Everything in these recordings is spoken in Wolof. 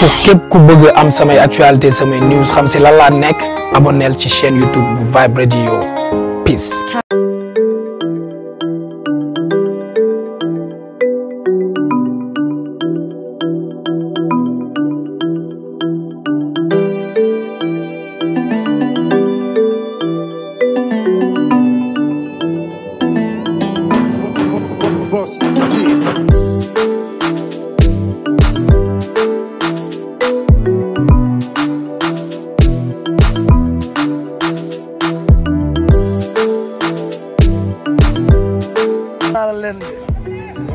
pour képp ku bëgg am samay actualité samay news xam si lan laa nekk abonneel ci chaîne YouTube bu Vibe Radio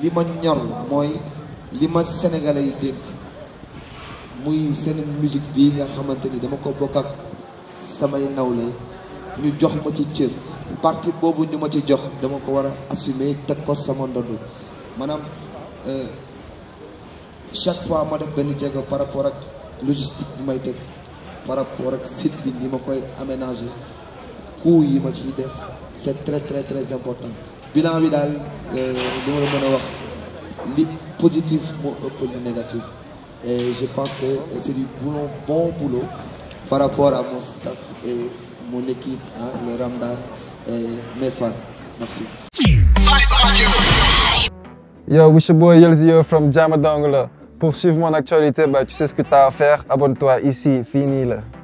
li ma ñor mooy li ma sénégalais yi dégg muy seen musique bi nga xamante ni dama ko bokk ak samay nawle ñu jox ma ci cër parti boobu ñu ma ci jox dama ko war a assumer teg ko sama ndodd maanaam euh, chaque fois ma def benn jéego par rapport ak logistique bi may teg par rapport ak site bi ni ma koy aménager coût yi ma ciy def c'est très très très important bilan bi nous euh, li wax positif pour ëpp négatif et je pense que c'est du boulot bon boulot par rapport à mon staff et mon équipe hein, le ramda et mes fans merci. Yo, it's your boy from Jamadong Pour suivre mon actualité, bah, tu sais ce que tu as à faire, abonne-toi ici, fini là.